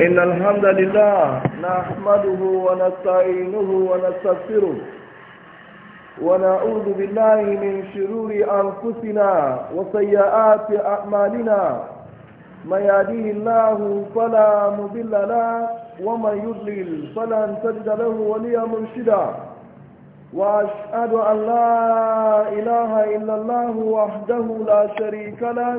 إن الحمد لله نحمده ونستعينه ونستغفره ونعوذ بالله من شرور أنفسنا وسيئات أعمالنا من يهديه الله فلا مضل له ومن يضلل فلن تجد له وليا مرشدا وأشهد أن لا إله إلا الله وحده لا شريك له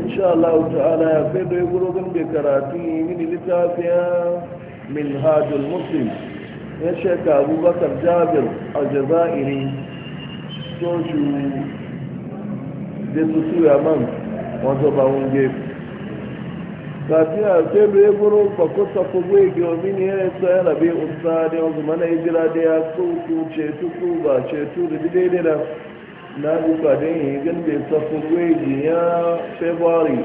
insha Allah ta'ala ya kai da yaguro gan da karatu mini littafiya minhajul muslim ya sheka abubakar jabir a jazairi soju da su suya man wanzu ba wun gefe kafin a ce da ya guro ba kusa ku zai gyomi ne ya yi ya rabe usta ne wanzu mana ya jira da ya so ku ce tuku ba ceto da daidai da na duka don yi gan da ya tafi gwaji ya february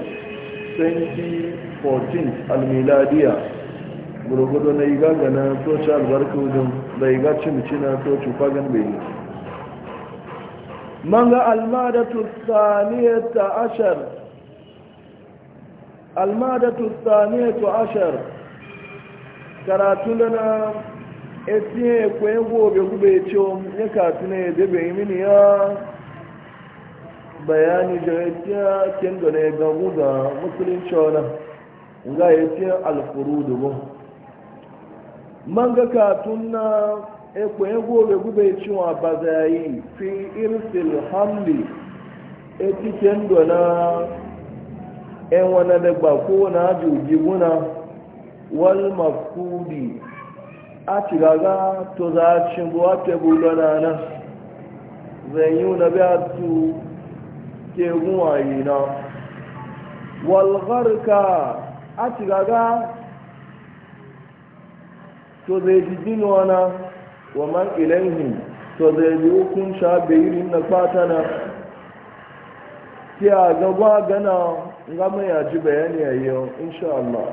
2014 almiladiya gurgudu na yi gaga na albarka wajen da yi gaci mace na toci fagen bai yi manga almadatu saniyata ashar almadatu saniyata ashar karatu na etinye kwaye gobe gube cewa ya kasu ne da bai mini ya bayani da ya tiya kin da ne ga guga musulunci wani ga ya tiya alfuru dubu man ga katun na ekwe gobe gube cewa ba za yi fi irsil hamli eti kin da na e, e wani da ba ko na juji guna wal mafkudi a cigaga to za a cin buwa na zai yi na biya su ke yi na walgarka a cigaga to zai ji na wa man ilaihin to zai ji hukun sha bayirin na fata na ke a gaba gana gama ya ji bayani a yau insha Allah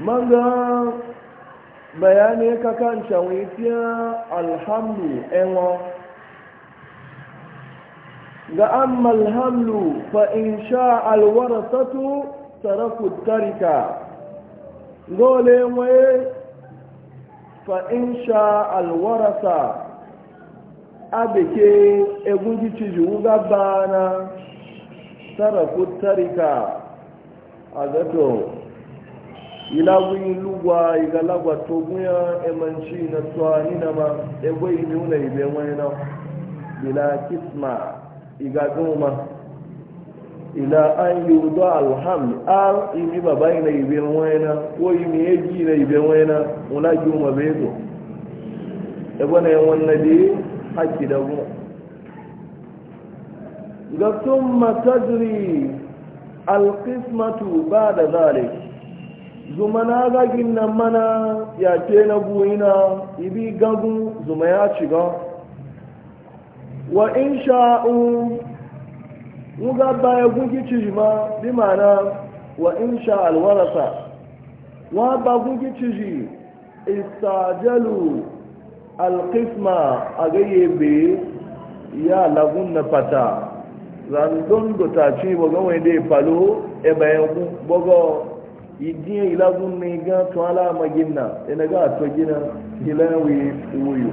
man ga bayani ka kan can alhamdu enwa ga ammal hamlu fa in sha alwarasatu taraku tarika gole waye fa in sha alwarasa abeke egungi ciju gabana taraku tarika agato ilagun lugwa igalagwa togunya emanci na tsuwa na ma egwe imi una ibe wani na bila kisma igagoma ila an yudo alham ar imi babai na ibe wena ko imi eji na ibe wena una juma bezo ebo na yawan nabi haƙi da mu ga sun matajiri alƙismatu ba da zare zuma na gagin nan mana ya ce na ibi gagu zuma ya shiga wa in sha'u muga baya gungi cijima bi ma'ana wa in sha alwarasa wa ba gungi ciji istajalu alqisma a gaye be ya lagun na fata zandon do ta ci boga wani da e ya falo e bayan boga idiyan ilagun ne ga tuwala magina ina e ga to gina ilayen wuyu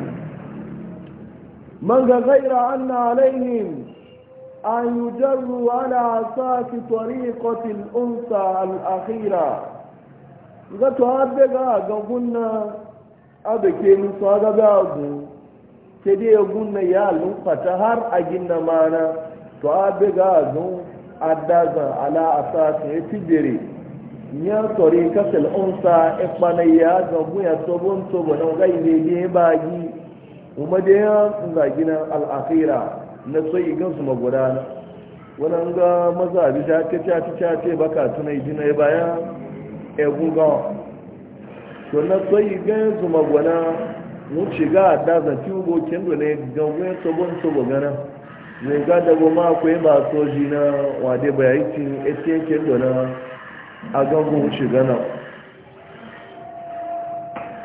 من غير أن عليهم أن يجروا على أساس طريقة الأنثى الأخيرة إذا تعبقا قبلنا أبكي من صادقاته sai ya gunna ya lumfata har a ginna mana to a biga zun adazan ala a sasa ya tibiri ya tori kasal unsa ikpanai ya gabu ya tobon tobo na gai ne ne bagi kuma da ya zagi na al'akira na tsayi gansu magudana wani ga maza bi ta ce ta ce ta ce baka tunai jina baya egun gawa to na tsayi gansu magudana mun shiga da zafi ubokin da ne gangun sabon sabo gana mai gada dago ma yi ba soji na wade bayancin etiyen kendo na a gangun shiga na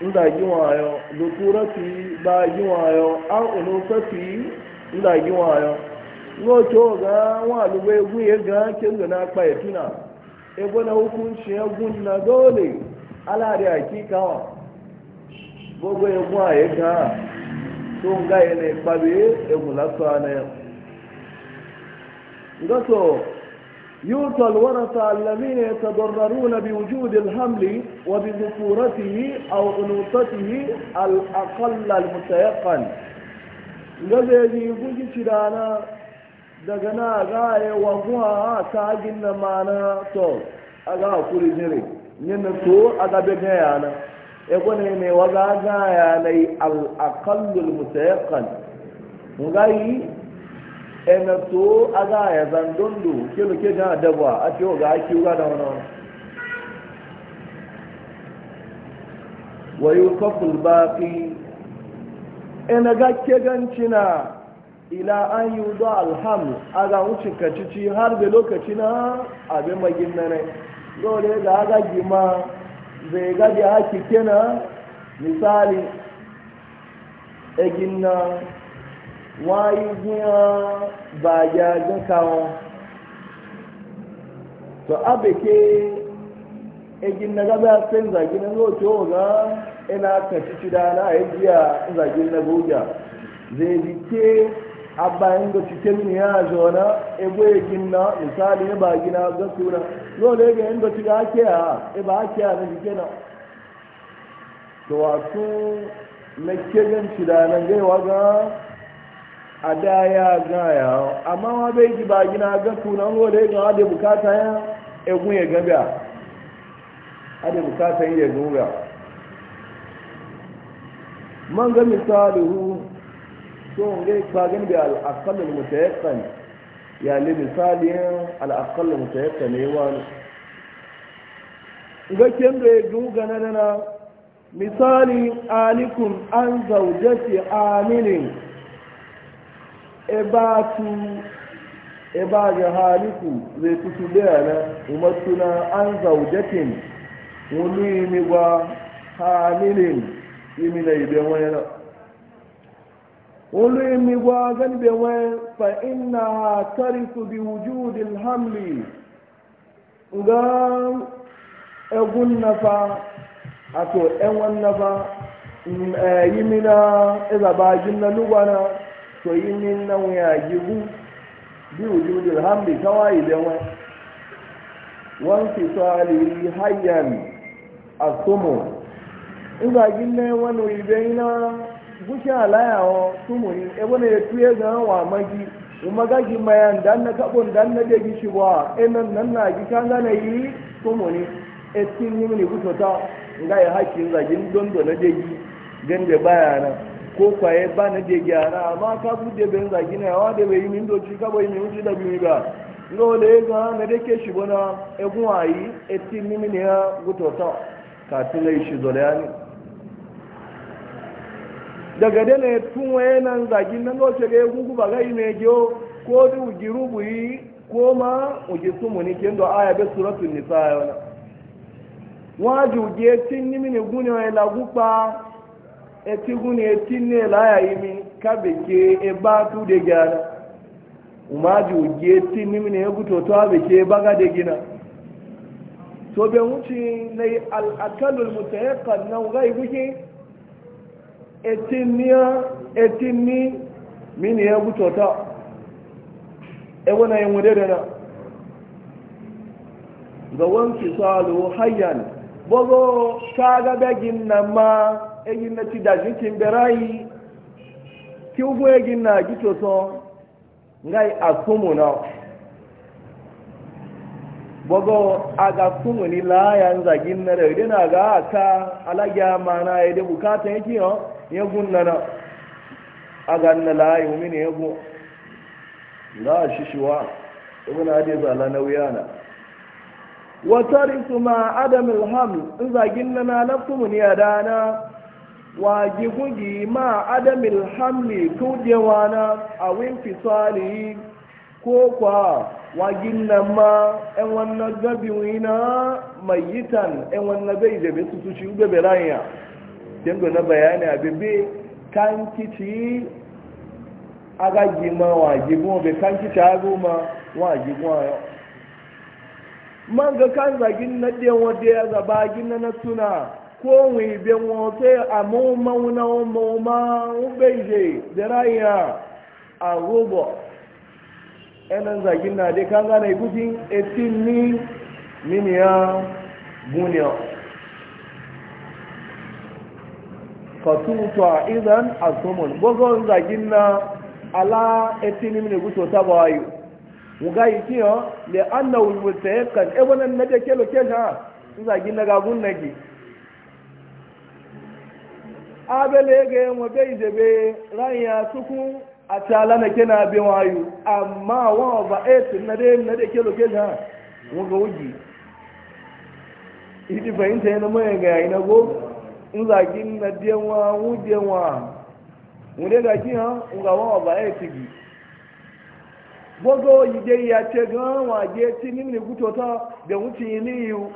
nda giwayo lukura fi ba giwayo an unu fafi nda giwayo egwu to ga nke lugbe egun ye ga na pa na ebo na hukunci egun na dole ala da hakika ọ. gbogbo egun a ga e to nga na ipabe egwu lasa na ya يؤتى الورثة الذين يتضررون بوجود الحمل وبذكورته أو أنوثته الأقل المتيقن gaza ji guji cirana daga na gaya wa guha ta gina mana to a ga kuri jire na to a gabe gaya na ego ne ne wa ga gaya na ena to aga ya zandondo ke lo ke ga dabwa a ce ga ake ga da wannan wa yuqaful baqi ena ga ke na ila an ọdọ́ alham aga wucin kacici har da lokaci na abin magin nane dole ga aga gima zai gaji àkìkẹ́ kenan misali ẹgin na wọ́n á yí hàn bàjá gúnka wọn to abeke egin na gaba sen zagin na lokaci ga ina ka cici da na ajiya zagin na goga zai dike abayin da cike min ya zona ebo egin na misali ne ba gina ga sura dole ga inda ci ga ake a e ake a na dike na to wasu na kegan ci da nan gaiwa ga a da ya gaya amma wa bai ji ba gina ga kunan ruwa da ya gawa da bukata ya egun ya gaba a da bukata ya zuwa man ga misali hu so ga gani da al'akalin mutayyakan ya li misalin al'akalin wa ne wani ga kyan da ya zuwa na misali alikun an zaujati aminin ebe a ga haliku zai tutu daya na umartuna an zaujatin wulu imi gwa hamilin imi na ibe wani na wulu imi gwa gani be wani fa ina tarifu bi wujudin hamli ga egun nafa ato enwan nafa yimina mm, eh, izabajin na lugwana so yi ni nan ya gigu bi wujudul hamdi kawai da wani wanki sali hayyan asumu ina gina wani ibe na gushe alayawa sumu yi ebe na ya tuye ga wa magi kuma gagi mayan dan na kabon dan na degi shi ba enan nan na gi kan gana yi sumu ne etin yi mini gusto ta ga ya hakin zagin dondo na degi gande bayana ko kwaye ba na da gyara amma ka ku da ben zagi na yawa da bai yi min doci ka bai min wuce da bi ba no le ga na da ke shi bona e gun ayi e ti mimi ne ya gutota ka tilai shi zolani daga da ne tun waye nan zagi nan ga ce ga gugu ba ga yi me gyo ko du girubu yi ko ma uji sumu ni kendo aya be suratul nisa ya wala waju ge tin mimi ne gune wa la gupa etigwu na etinne laya imi ka bekee ebe atụ de gara umaji ugi etinne mi na ebuto to a bekee baga de gina to be wuce na al'akalul mutayakkan na wuga ibuke etinniya etinni mini na ebuto e ewu na enwere da na ga wanki salu hayyan bogo kaga begin na ma egin na ci dajin kin berayi ki ugu egin na gito to ngai asumu na bogo aga kumu ni la yan zagin na da idan aga aka alagya mana ya da bukatan yake yo ya gunna na aga na la yumini ya go la shishiwa ibn adi zala na la wa tarisu ma adam ilham n'zagin na na lafumu ni dana wagi gugi ma adamil hamli tujewana a winfisali ko kwa wagin nan ma ‘yan wannan gabi wina mai yitan ‘yan wannan bai da bai su ci ube beranya don gona bayani a bebe kan kici agagi ma wagi goma bai kan kici agoma wagi goma man ga kan zagin na ɗewa da ya zaba gina na suna. ko wi be wote amu mauna mo ma ubeje daraya a robo enan zagin na dai kan gane gudin etin ni miniya guniya fatuta idan azumun gogon zagin na ala etin ni miniya guto ta bayu wuga yi kiyo le annahu mutayakkan ebonan na da kelo kelo zagin na gagun gi abele ga enwe be izebe ranya tukwu ati ala na ke na abin wayo amma wa ọba eti nnade nnade na de ke loke ga wo ga wuji idi fahimta yana mai ga ina go in za ki na de wa wu de wa mu de ga ki ha nga wa ọba eti gi bogo yi de ya te ga wa je ti ni ni gutota da wuti ni yu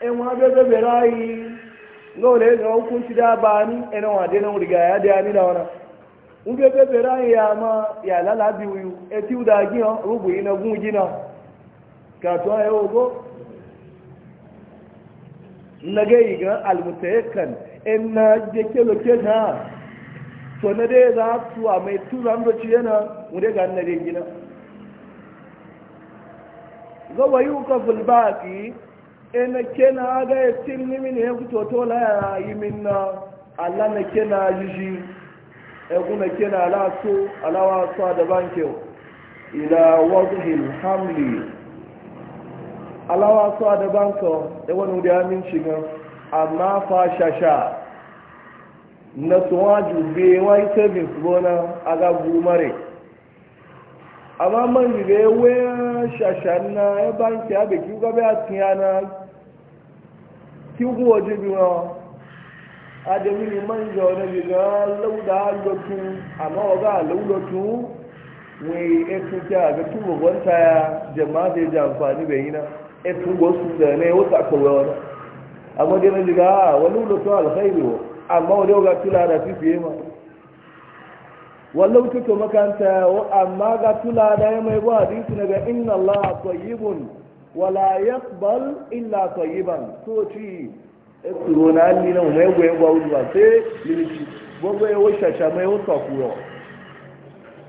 e wa be be ngole ga hukunci da ba ni ina wa de nan riga ya da ni da wana un ga be bera ya ma ya la la bi wu e ti u da gi ho rubu ina gun gi na ka to ay ogo nage ga al mutayakkan in na je ke lo ke na to na de za tu a mai tu ran do ci yana mu de ga na de gi na ga wayu ka fil baqi ina kena aga ya tin ni min ya kuto to la yi min na Allah na kena na e na kena la Ala alawa so da banke ila wadhil hamli alawa so da banko da wani da min shiga amma fa shasha na tuwaju be wai service bona aga gumare amma man yi ga ya na ya e banke abe kiwa ga ba kí kú ojú bí wọn adẹ́mi ni máa ń yọ ọ̀nà yìí lọ́wọ́dà lọ́tún àmọ́ ọ̀gá àlọ́wọ́ lọ́tún wọ́n ètò tí a gbé tún ń ta ya jẹ̀mọ́ àti ìjà àǹfààní bẹ̀yìn náà ètò gbogbo sùn tẹ̀ ní ó tàkùrọ̀ ọ̀nà àmọ́ ìlú àmọ́ tún ga tula da wala yaqbal illa tayyiban so ci ni na mo ewe ewa oluwa se mini ci gbogbo ewo shasha mo ewo soku yo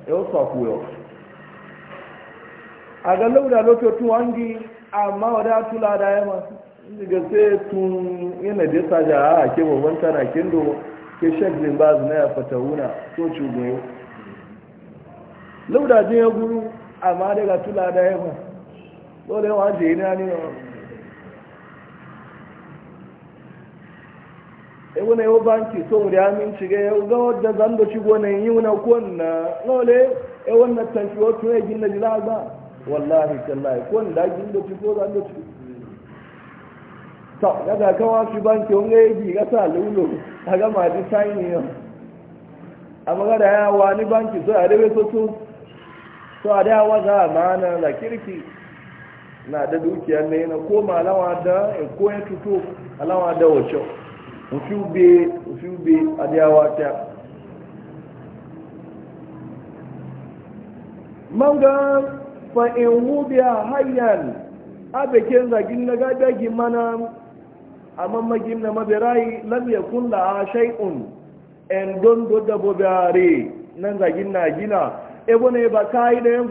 ewo lauda loto tu amma wada tula da ya ma daga sai ya yana da saja a ke tana kindo ke shek so ci lórí wọn jẹ ní àní ọ ewu na ewu banki so wuri aminci ga yau ga da zan da shigo na yi wuna kwanna lole e wannan tanki wasu ya gina jila ba wallahi tallahi kwan da gina da shigo zan da shigo ta daga kawa shi banki wani ya gi gasa lulo a gama ji sanyi yau a magana ya wani banki so a dabe so so so a dawa za a mana la kirki na da dukiya na yana koma alawa da in koya tuto alawa da wacce ofi ube ofi ube adiyawa ta manga fa'in a hanyar abikin zagin na gagagi mana a mamagin na mabirai lamya kunla a shai'un en don da re nan zagin na gina ebo ne ba yi da yan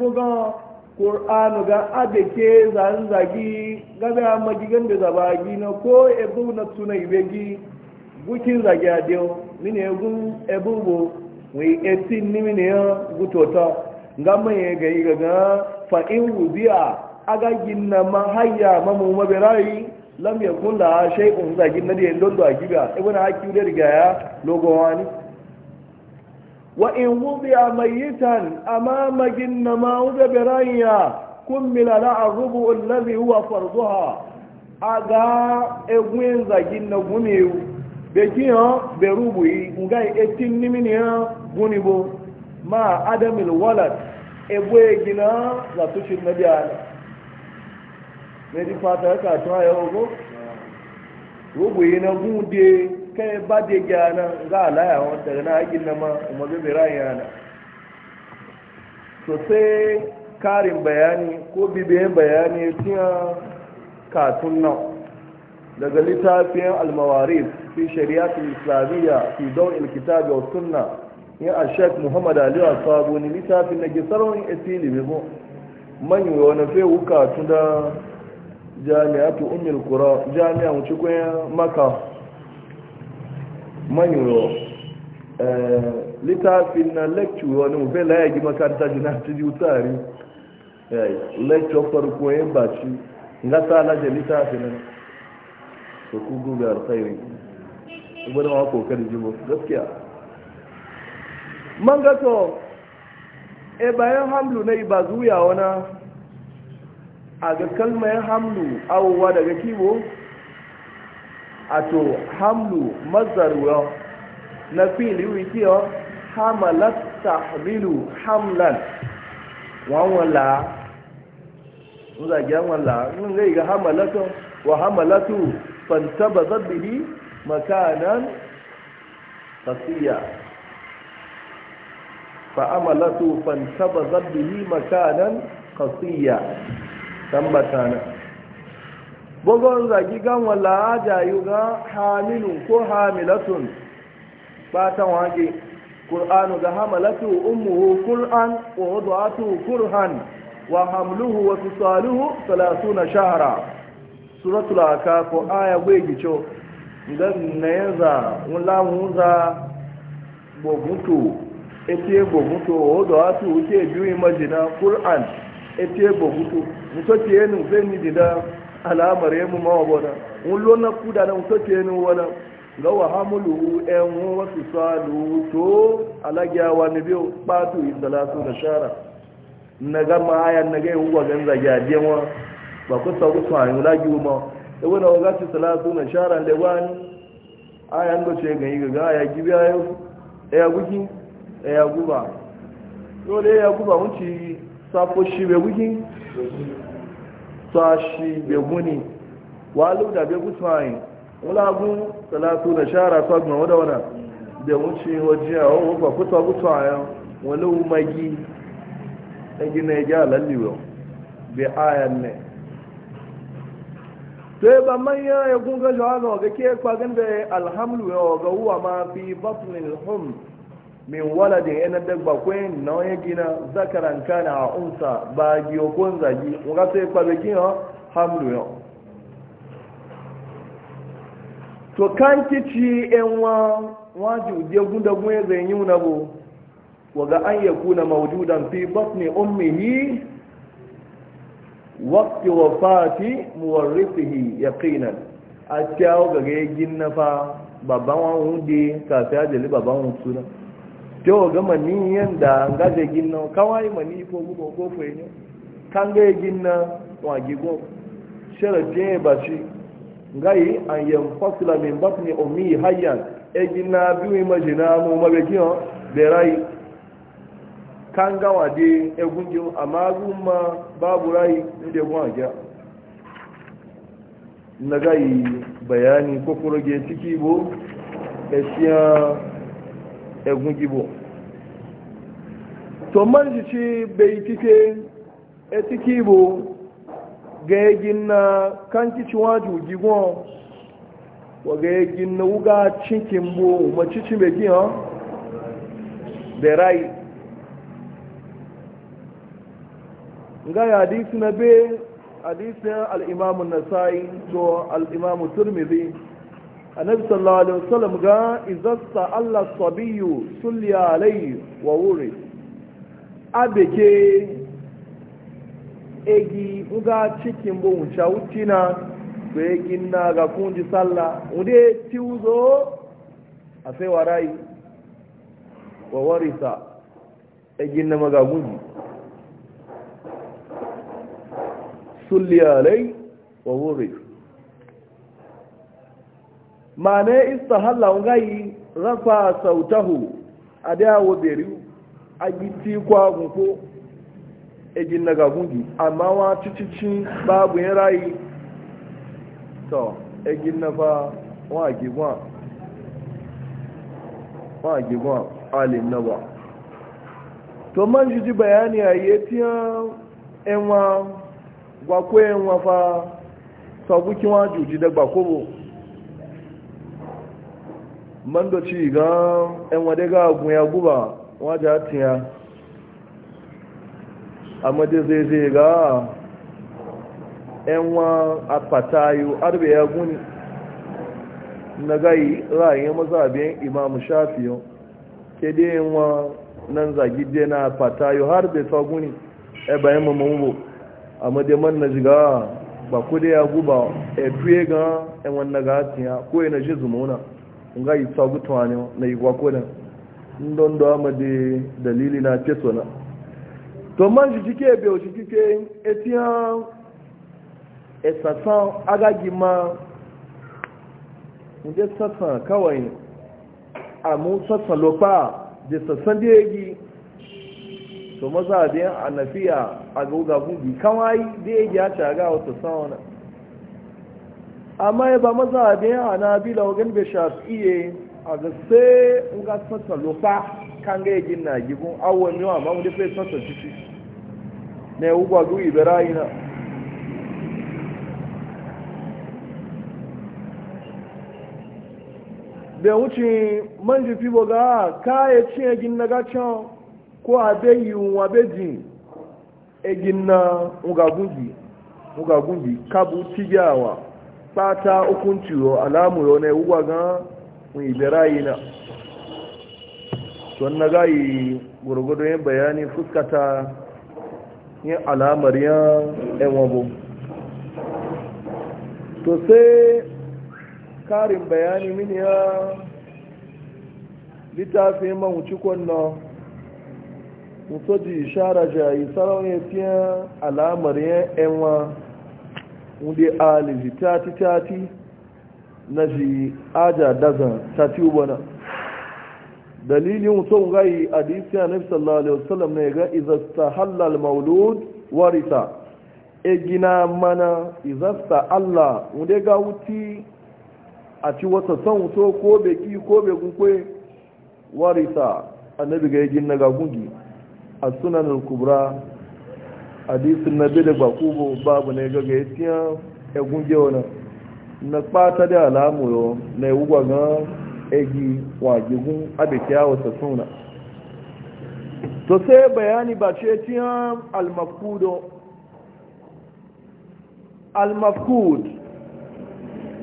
ƙor'anu ga adake zan zagi gabe a magigan da zabagi na ko ebu na tuna ibegi bukin zagi a dio mini ebu ebu bo wai etin ni mini ya gutota ga mai ga yi ga fa in ma agagin na mahayya mamu mabirayi lam yakun la shay'un zagi na da londo a giba ibn hakim da riga ya logowani وإن وضع ميتا أمام جنما برانيا كمل لها الربع الذي هو فرضها أغا إغوين ذا جنة غنيو بجيها بربعي وغاي إتن منها غنيبو مع عدم الولد إبوي جنة لا تشد نبيانا نجي فاتحة كاتوا يا ربو ربعي نغون دي kai ba da gyana za a laya wanda na haƙin na ma umarbe mai rayin yana so karin bayani ko bibiyan bayani tiya katun nan daga littafin almawaris fi shari'atul islamiyya fi dawil kitab wa sunna ya shek muhammad ali wa sabu ni littafin na gisaron etili bebo manyan yi wani fe wuka tun da jami'atu ummul kura jami'a wuce maka Manyoro eh, littafin na uh, lecture wani mafi layagi makaranta jina ci ji wutari lecture farko yin baci nga ta laje littafin nan su ku guga alkhairi ibada ma kokari jibo gaskiya man gato e bayan hamlu na ba zuya wana a ga kalmar hamlu awuwa daga kibo ato hamlu mazaruwa na fili wikiyo hamalat tahmilu hamlan wanwala nzage wanwala nunga iga hamalatu wa hamalatu fantabazat bihi makanan qasiya fa amalatu fantabazat bihi makanan tambata na bugun zagi gan wala jayu ga hamilun ko hamilatun batan wage ga hamalatu ummuhu qur'an wa wada'atu wa hamluhu wa fisaluhu na shahara suratul akaf aya gwegicho idan nayaza wala muza bogutu ete bogutu wada'atu uke biyu imajina qur'an ete dida alamar yi mu mawa bona un lona kuda na mutu ce ni wona ga wa hamulu en wasu salu to wa ne biyo batu isalatu da shara na ga aya na ga yin ganza zagya dewa ba ku sa ku sa yin lagi ma da e wani waga ci salatu na shara da wani Aya da ce ga yi ga ya gibi ayo e ya guki e ya guba dole ya guba mun ci safo shi be guki tashi sashi beguni walu da begu tsayin wulagun salatu da shara sagbon wada wana da wuce wajiya wa wufa kuta kutayen wani magi na gina ya gyara lalliwa bai ayan ne sai e ba manya ya kunga shawaga waga ke kwagan da alhamdu ya waga huwa ma fi batnin hum min waladin yana dagba kwen na onye gina zakaran kana a unsa ba giyo kun zagi waka sai kwabe gina hamlu yau to kan kici yan wa waji ya gunda gwe zai yi na wa ga an ya kuna mawjudan fi batni ummihi waqti wafati muwarrithihi yaqinan a tiyawo ga gina fa babban wani hunde kafin ajali babban na to ga mani yanda ngaje ginna kawai mani ko gubo ko fenyo kan ga ginna wa gigo sharaje ba shi ngai an yanfasila min batni ummi hayyan e ginna biwi majina mu mabekiyo berai kan ga wade egunjo amma gumma babu rai inda gwa egun gibo to man shi bai tike etiki bo ga yagin na kan kici waju gigon wa ga na wuga cikin bo macici mai gina da rai ga hadisi na be hadisin al'imamun nasai to turmizi annabi sallallahu alaihi wasallam ga izasta Allah sabiyu sulli alayhi wa wuri abeke egi uga cikin bo wuce na ko egi na ga kunji salla sallah ti uzo a sai warai wa warisa egi na maga magaguji sulli alayhi wa wuri mana istahalla ngai rafa sautahu adawo beriu agiti kwa gunko ejin daga gungi amma wa cicici babu yin rayi to ejin na fa wa gigwa wa gigwa alim na to man jiji bayani a yi tiya enwa gwakwe enwa fa sabukin wa juji da gbakobo man da ci ga yan e wade ga gunya guba waje tiya amma da zai zai ga yan e wa a fatayu arbe ya guni na gai ra'ayin mazabiyan imam shafiyo ke da yan e wa nan zagi na fatayu har bai ta guni e bayan mamamu amma da man na jiga ba ku ya guba e fiye ga yan wannan ga tiya ko yana shi zumuna nga yi sabu tuwani na yi gwako ndọ ndon da ama de dalili na peso na to man shi kike be o shi kike etian esasan agagi ma nde sasan kawai amu sasan lopa de sasan degi to maza de anafiya agogagun bi kawai degi a shaga wata sawana amma ya ba maza ne a na bila wagan bai shafiye a ga sai in ga sassa lofa kan ga yagin na gibin awon yawa ma wani fai sassa ciki na yi ugwa gu iberayi na bai wuce man jifi boga kaya cin yagin na gacan ko a bai yi wa bai jin yagin na ugagungi ugagungi kabu tigiyawa kpata hukunci yo alamu yo ne uwa ga mun ibirayi na don na gayi gurgudu yin bayani fuskata yin alamar yan bu. to sai karin bayani mini ya littafi mawuci kwanna musoji shara jayi sarauniyar fiye alamar yan enwa wunde alizi tati tati na ji aja daza tati ubana dalilin mutum gai hadisi a nafi sallallahu alaihi wasallam ne ga izasta halal maulud warisa e gina mana izasta allah wunde ga wuti a ci wata son wuto ko beki ko bekun kwe warisa annabi ga yi gina ga gungi a sunan kubra hadisin na bile ba babu na gaga ya tiya egun na na kpata da alamu na yi e wugwa ga egi wagigun abikiya wata suna to sai bayani ba ce tiya almakudo almakud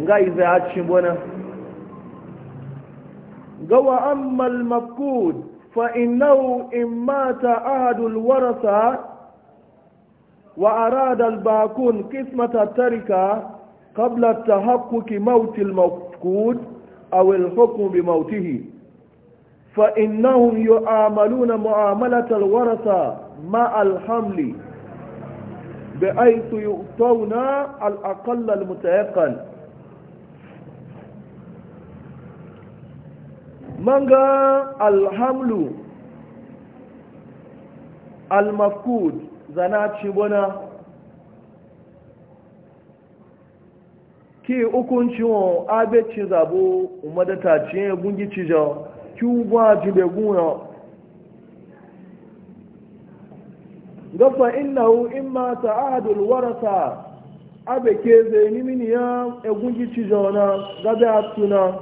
ga izai hacin bona gawa ammal makud fa innahu in mata ahadul warasa وأراد الباكون قسمة التركة قبل التحقق موت المفقود أو الحكم بموته فإنهم يعاملون معاملة الورثة مع الحمل بحيث يؤتون الأقل المتيقن مانغا الحمل المفقود zanaci ci ki hukunci wọn abeci zabo umadata ci yin gungi cijo ki ugwa jibe guna gafa innahu imma ta'adul warasa abeke zai nimini ya egungi cijo na gabe atuna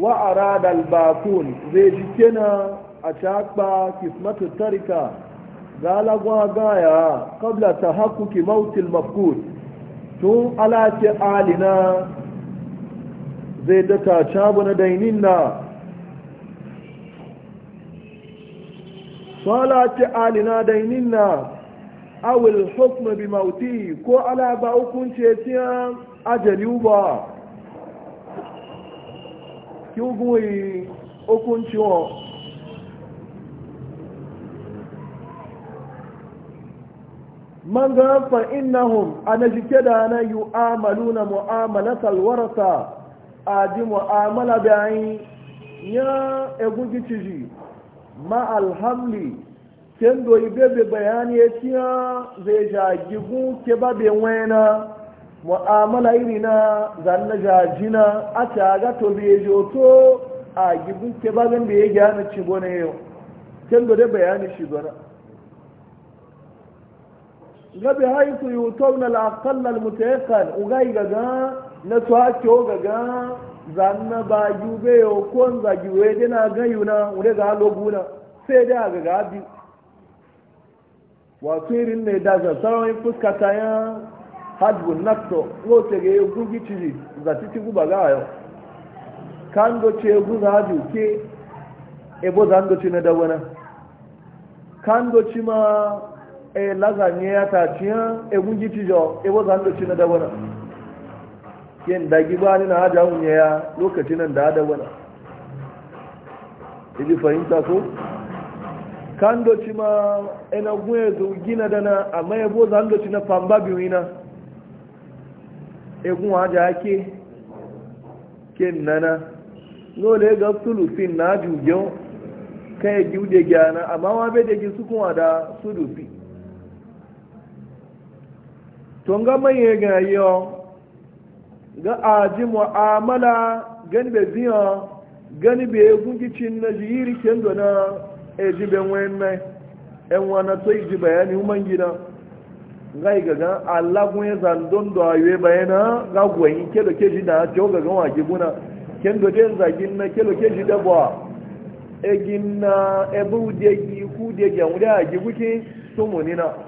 wa aradal bakun zai jike na a cakpa kismatu tarika galagwa gaya kabla ta hakuki mautil mafkud tun alace alina zai data cabu na dainin na salace alina dainin na awil hukma bi mauti ko ala ba hukunce tiya ajali uba ki hukunci man ga fa innahum anajike da na yu'amaluna mu'amalatal warasa aji mu'amala bayan ya egungi ciji ma alhamli ken do ibebe bayani tiya zai jagigun ke babe wena mu'amala iri na zanna jajina a taga to bai joto a ke bagan da ya gyana cibona yau ken do bayani shi gona gabi haitu yutau na al'aqallal mutayaqqan ugai gaga na tsacho gaga zanna ba jube yo kon za juwe dina ga yuna ure ga loguna sai da ga gabi wa firin ne da za sarawin fuska ta ya hajbu nakto lo te ga gugi ci za titi guba ga yo kando ce guza haju ke ebo zando ci na dawana kando ci ma e lazanye e e ya taciyan egun gici jo e wazan da e cina da yin dagi na haja ya lokacin nan da da wani iji fahimta ko kan ndọchi ma ina gunye zo gina dana amma ya zan na famba biyu egun haja ake nana ga sulusin na jugen giude gyana amma wa gi da to nga maye ya yo ga aji mu'amala gani be biya gani be gungicin na jiri kendo na eji be wenne en wana to iji bayani umman gida nga ga ga Allah gun ya zandon da aye bayana ga gwayin kelo keji da to ga ga waje buna kendo den zagin na kelo keji da ba egin na ebu de gi ku de a wuri aji gukin sumunina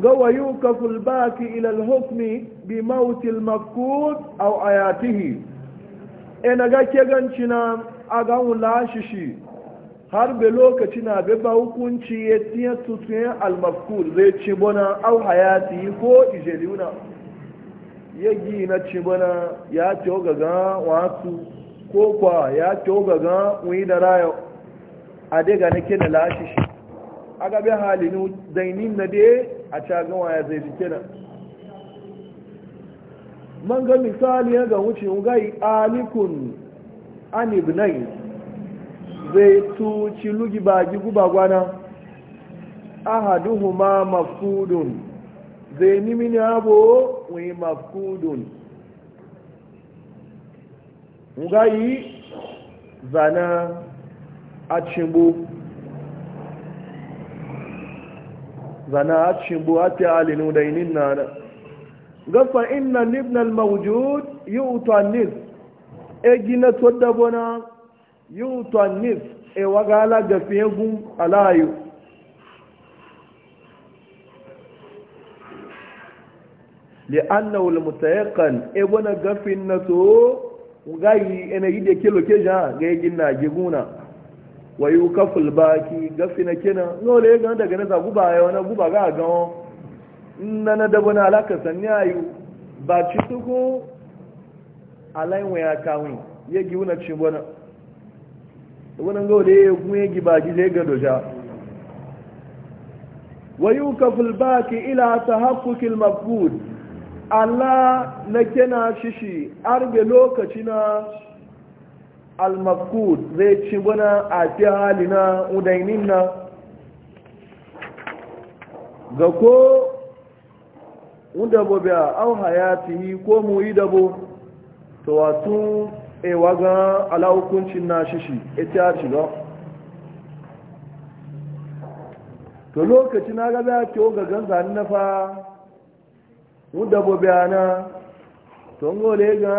ga wayu fulba ki ilal hukmi bi mautil mafkud au ayatihi ina e ga ke ganci na a ga har be lokaci na be ba hukunci ya tiya tutuyen almafkud zai ci bona au hayati ko ijeliuna ya gi na ci bona ya ce gaga wasu ko kwa ya ce gaga wani da rayo a daga na ke na lashishi a gabe halinu dainin na dai a cagan waya zai ji kenan man ga misali ya ga wuce gai alikun an zai tuci lugi gigu guba gwana ahaduhuma mafudun zai nimi ne abo wai mafkudun gai zana a cimbu zana cin buwati alinu da yinin na na gafa inna al mawjud yi an nis e gina todda bona yi an nis e wagala gafiye gun alayu anna wal mutayaqan e bona gafin na so ngai ene yide kilo keja ga yigin na gina. wa yi kafin baki gafi na kina nola ya gan daga zagu ba ya wani guba ga gan na na dabo na alakar sanni a yi ba ci suku alaiwa ya kawin ya gi wuna ci wani wani ga wani ya kuma ya gi baki zai ga doja wa yi kafin baki ila ta haƙuƙin mafud Allah na kina shishi arbe lokaci na almakud zai ci bana a fi na udainin na ga ko udabo biya an hayati ko mu yi dabo to e wasu ewa ga alahukuncin na shishi ita e ya shiga to lokaci na gaba ya ga ganza na fa udabo biya na to ngole ga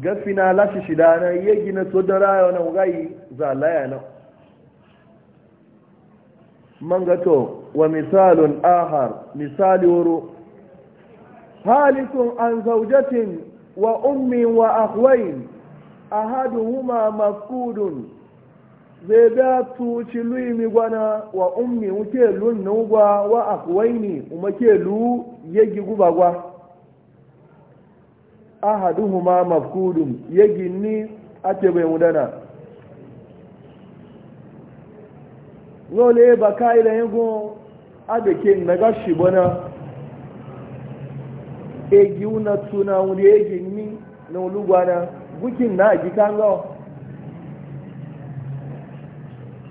gafina lashi shidana na iya gina to da raya na ugayi zalaya na mangato wa misalun ahar misali uru halikun an zaujatin wa ummin wa akhwain ahaduhuma mafkudun zai tu tuci luimi gwana wa ummi wuke lun nugwa wa akhwaini umake lu yegi gubagwa ahaduhuma mafkudun yegi ni ake bai mudana lole ba ka ila yago abeke na bana egi una tuna wuri egi ni na ulugwana gukin na agi kango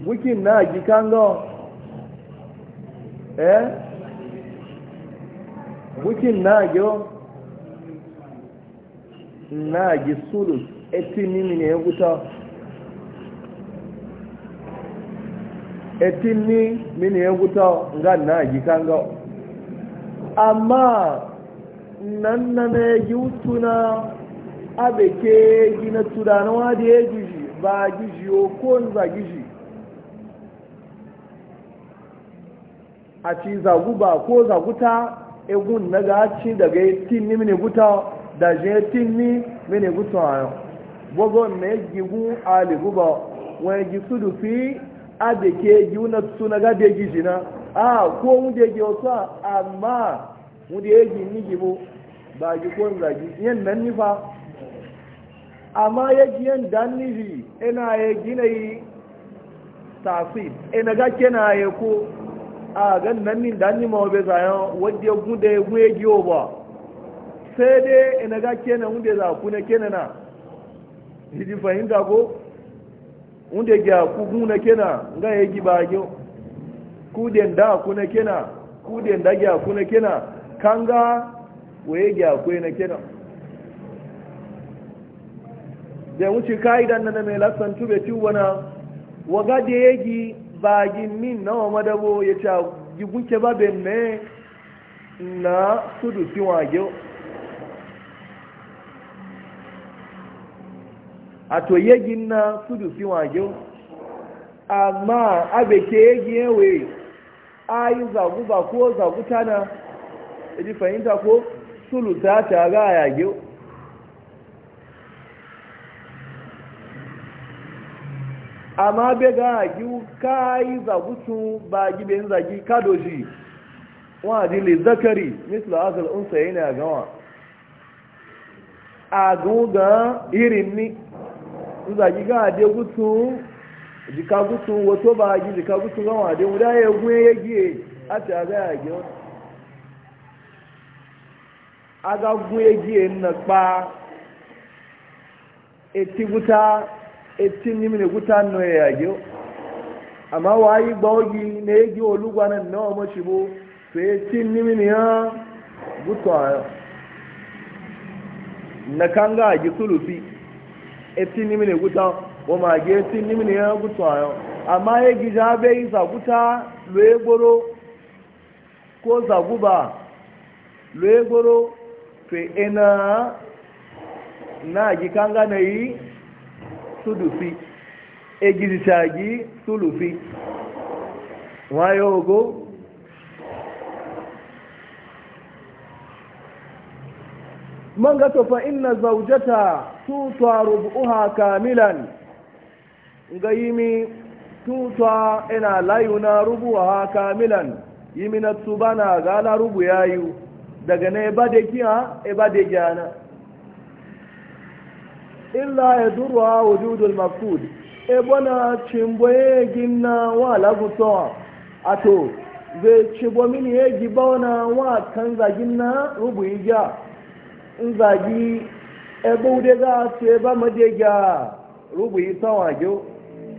gukin na agi kango eh gukin na agi na gi sulus eti mimi eti ni e e mini ya e nga na gi kanga amma nanna na ne gi abe abeke gina tudanawa da ya gishi ba gishi o ko za gishi a ci zagu ba ko zaguta egun na ci daga tin nimini guta da jetin ni mene gutu ayo bogo me gigu ali guba wani gisu dufi a da ke gi wuna suna ga da gishi na a ko mu da gi wasu amma mu da gi ni gibo ba gi ko za gi yan nan ni fa amma ya gi yan dan ni ji ina e ya na yi tafi ina e ga na ya ko a gan nan ni dan ni ma obe zayan wadda ya gude ya gwe gi ba sai dai ina ga kenan wanda za ku na kenan na hiji fahimta ko wanda ga ku ku na kenan ga ya ba gyo ku den da ku na kenan ku den da ga ku na kenan kan ga waye ga ku na kenan da wuce kaidan nan mai lasan tube tuwana waga da yegi bagin min nawa ya ta gibunke baben me na sudu tiwa gyo Ato yegi yegin na sudu fi jo amma abe yegin yegi a yi zagu ba ko zagu tana ji fahimta ko sulu ta ga a jo amma be ga yage ka yi zagu ba gibe zagi kadoshi di le zakari misla azal unsa yana gawa a ga irin ni nza giga ade gutu jika gutu wato ba gi jika gutu ga wade muda ya gwe ya gi ati aga ya gi aga gwe gi na pa eti guta eti ni mine guta no ya gi amma wayi gbogi na egi olugwanan na omo shibo to eti ni mine ya gutu ayo na kanga gi sulusi etin nimine guta wa mage etin nimine ya guta yo amma ya gija be yi zaguta loye goro ko zaguba loye goro fe ena na gi kanga na yi fi e fi. tagi sulufi wayo go man ga to fa inna zawjata tutwa rubuha kamilan nga yimi tutwa ina layu na rubuha kamilan yimi na tuba na gala rubu yayu daga na eba da kiya eba da gyana illa ya durwa wujudul mafud ebona cimboye ginna wa lagutowa ato zai cibo mini ya e gibauna wa kan zagin na rubu yi ja in ebe ude za su ebe madega yìí yi sawajo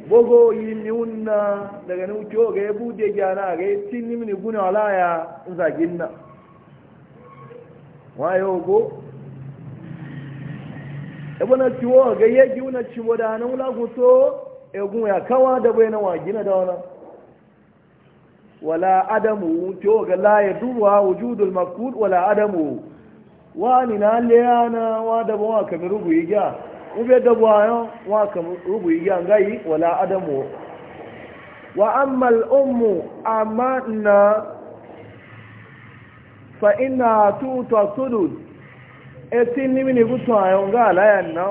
gbogbo yi ni unna daga ni ucho ní ebe ude ga na ga tin ni mini guna walaya za ginna wayo go ebe na ciwo ga yegi una ciwo da na ula guto ya kawa da bai na wagina da wannan wala adamu ciwo ga la ya duwa wujudul mafkud wala adamu wani na leyana wa daba wa kami rubu yi gya da daba ayon wa kami rubu yi gya ngayi wala adamu wa ammal ummu amma na fa ina tuta e tin ni mini gutu ayon ga alayan na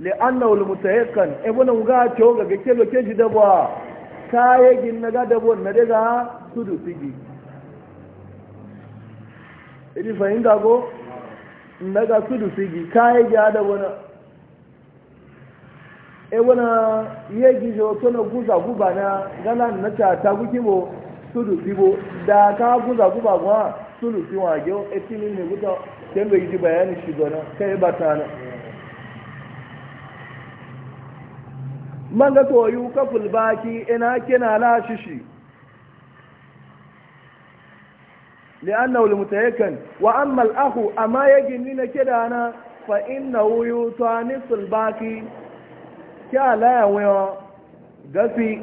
li anna wal mutayakan e nga na ga ke lo ke ji daba kaye gin na ga dabo na daga sudu sigi idi e fahimta ko na ga kudu fiji kayi ga da wani e wani ya gizo to na guza guba na gana na ta ta guki bo su fibo da ka guza guba kuma sudu fi wa gyo e ti ne guta ken da gidi bayani shi gona kai ba ta na man ga to yu kaful baki ina e kina la shi لأنه المتيكن وأما الأخ أما يجنين كده أنا فإنه يطانس الباقي كالا ويا غفي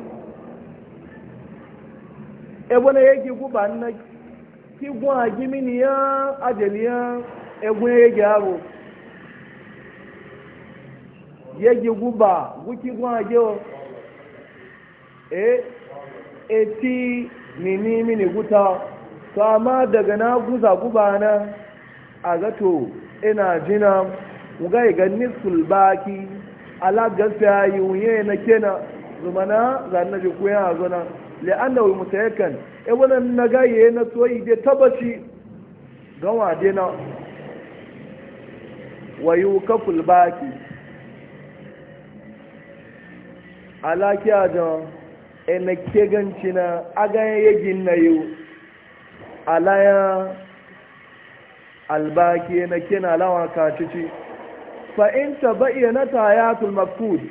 ابن يجي غبان ki gwa gimini ya ajaliya egun yege aro yege guba guki gwa ajo e eti نيني مني guta to amma daga na guza guba na a zato ina jina ga ga nisul baki ala gaskiya yi wuye na kena zumana za na ji koyan a zana li'anna wal mutayakkan e wannan na gaye na soyi da tabbaci gawa de na ka kaful baki alakiya don e na keganci na agayen yagin na yau alaya albaki na kina lawa kacici fa’in in ta bayyana ta ya tulmakud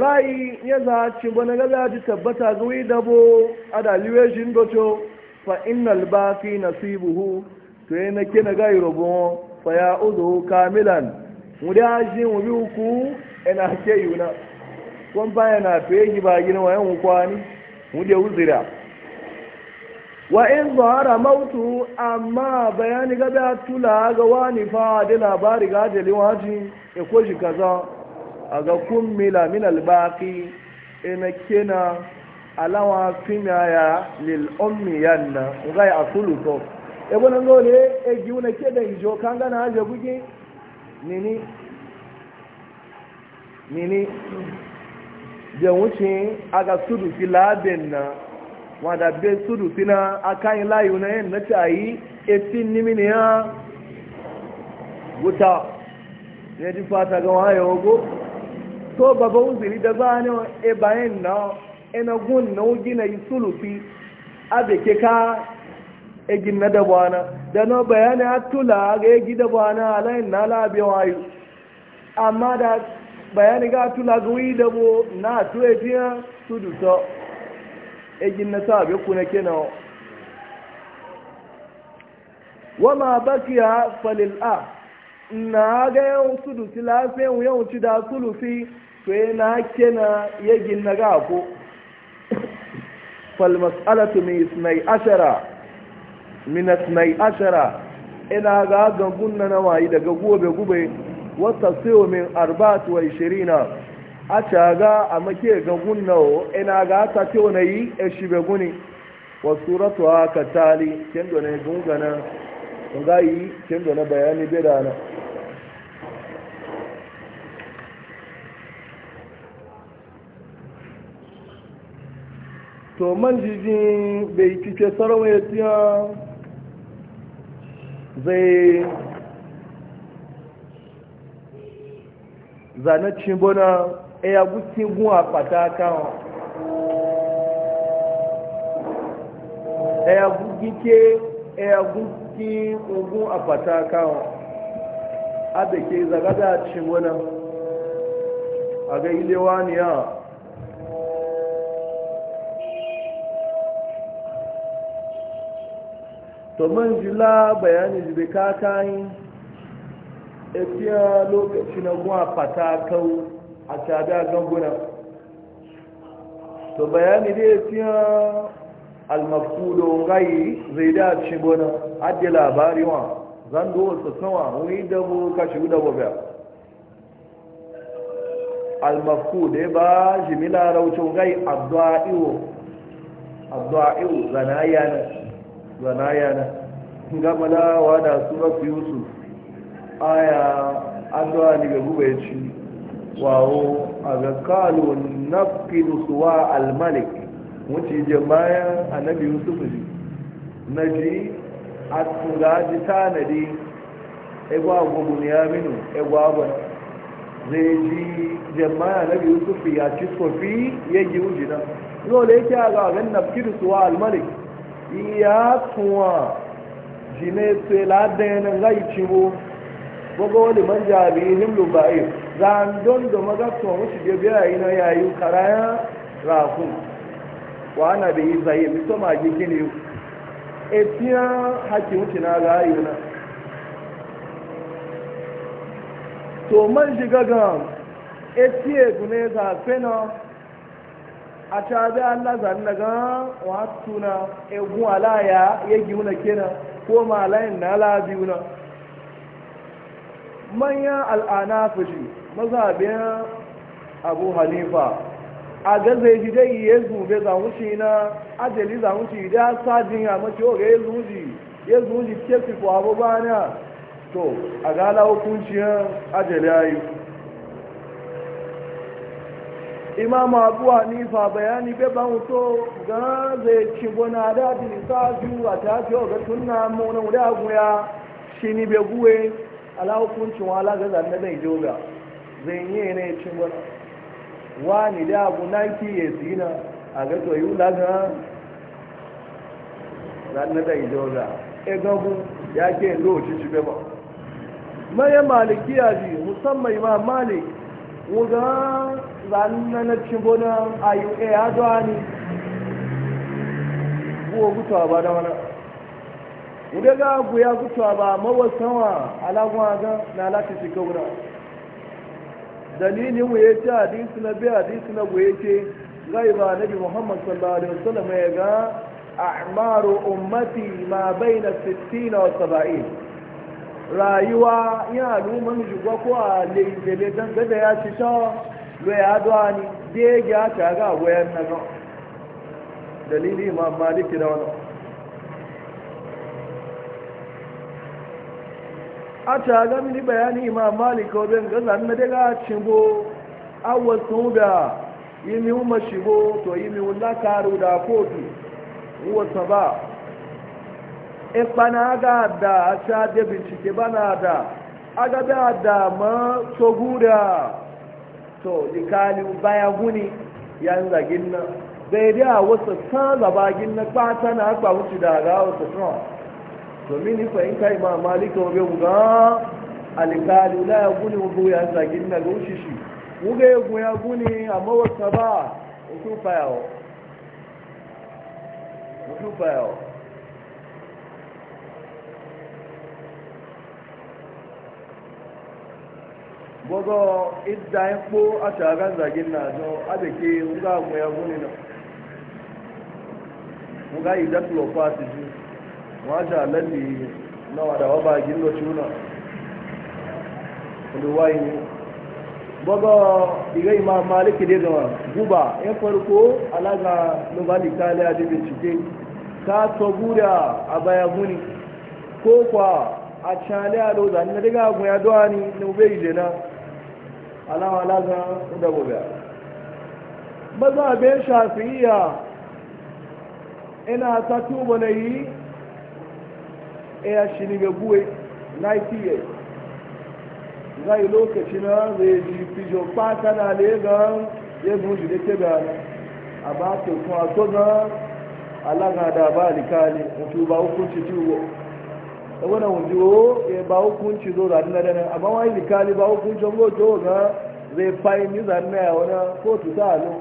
rayi ya zaci bana gaza ji tabbata ga wi dabo a daliwe shi doco fa in albaki nasibuhu to yi na kina gai rubon fa ya uzu kamilan wuri a shi wuri uku ina ke yuna kwan bayan na fiye ba gina wayan ukwani wuri uzira wa in zahara mautu amma bayani gaba tula ga wani fa da labari ga da liwaji e ko shi kaza a ga kummila min albaqi ina e kina alawa finaya lil ummi yanna ga ya akulu to e bona ngole e giuna ke da ijo kanga na aje bugi nini nini da wuce aga sudu labin na wada be na aka yi layu na yin na tayi etin nimini ya wuta ya ji fata ga waye ogo to baba uziri da e ba ne e bayan na ina gun na ugi na yi a beke ka egin na dabana da e na bayani atula ga egi dabana alayin na labe wayo amma da bayani ga atula ga wi dabo na tuwe fiye sudu to ejin na sa be kuna wa. wama bakiya falil a na ga yau sudu tilafiyan yau ti da sulufi to yi na kena yagin na ga ko mas'alatu min isnai ashara min isnai ashara ina ga gangun na nawayi daga gobe gube wata siyo min arba'at wa ishirina a caga a make ga gunnawo ina ga ta ce wani yi a e shibe guni wa suratu haka tali kin da ne gungana kun ga yi kin da na bayani bai na to man jijin bai kike sarawar ya tiya zai zanacin bona ẹ̀yà gúti gún àpàtà káwọn ẹ̀yà gúgíké ẹ̀yà gúti gún àpàtà káwọn abèké zagada cimona a ga ilewa ni a to man jula bayani jibe kakayin efiya lokaci na gwa fata kawo a tabi a ganguna to bayani dai fiye almafudo gai zai da ci gona adda labari wa zan do wasu sama wani dabo ka shigo gobe. biya almafudo ba jimila raucin gai abdu'a'iwo abdu'a'iwo zanayana zanayana gamala wa da su yusuf aya addu'a ne ga gube ci wawo a ga kalu nafkidu suwa almalik wuce je bayan annabi yusuf ji na ji a tura ji tanadi egwa gugun ya minu egwa gwan zai ji jama'a annabi yusuf ya ci sofi ya yi wuji nan lola yake a ga gan nafkidu suwa almalik iya tuwa jine tsela da yanar rai ciwo gwagwa wani manja biyu himlu ba'ir zandon da magatsuwa musu gebe a yi na yayi karaya rahu wa ana da yi zaye mito magi kini etiya hakin wuce na rayu na to man shiga ga etiye gune zafe na a an allah na ga watu na egun alaya ya wuna kenan ko malayin na labiyu na manyan al'ana fushi mazabin abu hanifa a gaza yi dai ya zube za na ajali za da sajin ya mace oga oh, ya zuji ya zuji ke fi ko abu bana to a gala hukunciyar ajali ayu imam abu hanifa bayani bai ban wuto ga zai ci gona da dinisa ju a ta ce o ga tunna mu na guya shi ni bai guwe ala hukuncin wala ga zanne zai joga zai yi ne ya ci wani wani da e abu na ki ya si na a ga to yi laga ranar da ijo da ya ke ndo ci ci gaba mayan malikiya ji musamman imam malik wuga ranar na ci bona a yi e ya zuwa ni buwa gutuwa ba da wani wuga ga guya gutuwa ba mawasanwa alagun aga na lati shi dalilin wa ya ce hadisi na bi hadisi na ce nabi muhammad sallallahu alaihi wasallam ya ga a'maru ummati ma baina 60 wa 70 rayuwa ya al'umma mi jugwa ko a lejele dan gada ya ci sha lo ya doa de ya ta ga wayan na ga dalili ma malik da wannan a ta ga ni bayani imam malik wajen gaza na daga cimbo awa sun da yi mi umar shigo to yi mi wula karu da kotu wata ba ikpana e aga da a ta da bincike bana da aga da da ma togura to ikali baya guni yan zagin nan daidai a wasu san zabagin na kpata na akpa wuce da ga wasu trump domin ni fahimta imam malika wa bai ga la ya guni wa ya zagin na ga wuga ya guni amma wasa ba wasu fayawa wasu fayawa gbogbo idda ya kpo a shagan na zo abeke wuga guni na wuga wajen lalle na da ba gilwa cuna ruwayi baba diga ma maliki dai zama. guba ya farko alaga nubali kale a dubin cike ka to guda a baya muni ko kwa a cale a loza na daga mu ya doa ni na ube ije na alama alaga da gobe maza be shafi'iya ina ta tubo na yi ya shi ni ga buwe 90 years zai lokaci na zai ji fijo fata na legan ya zuji da ke gani a ba ta kuma to na alaga da ba likali mutu ba hukunci ciwo da wani wujiwo ya ba hukunci zo zane na dana amma wani alikali ba hukuncin gojo ga zai fayi ni zane ya wani kotu ta alo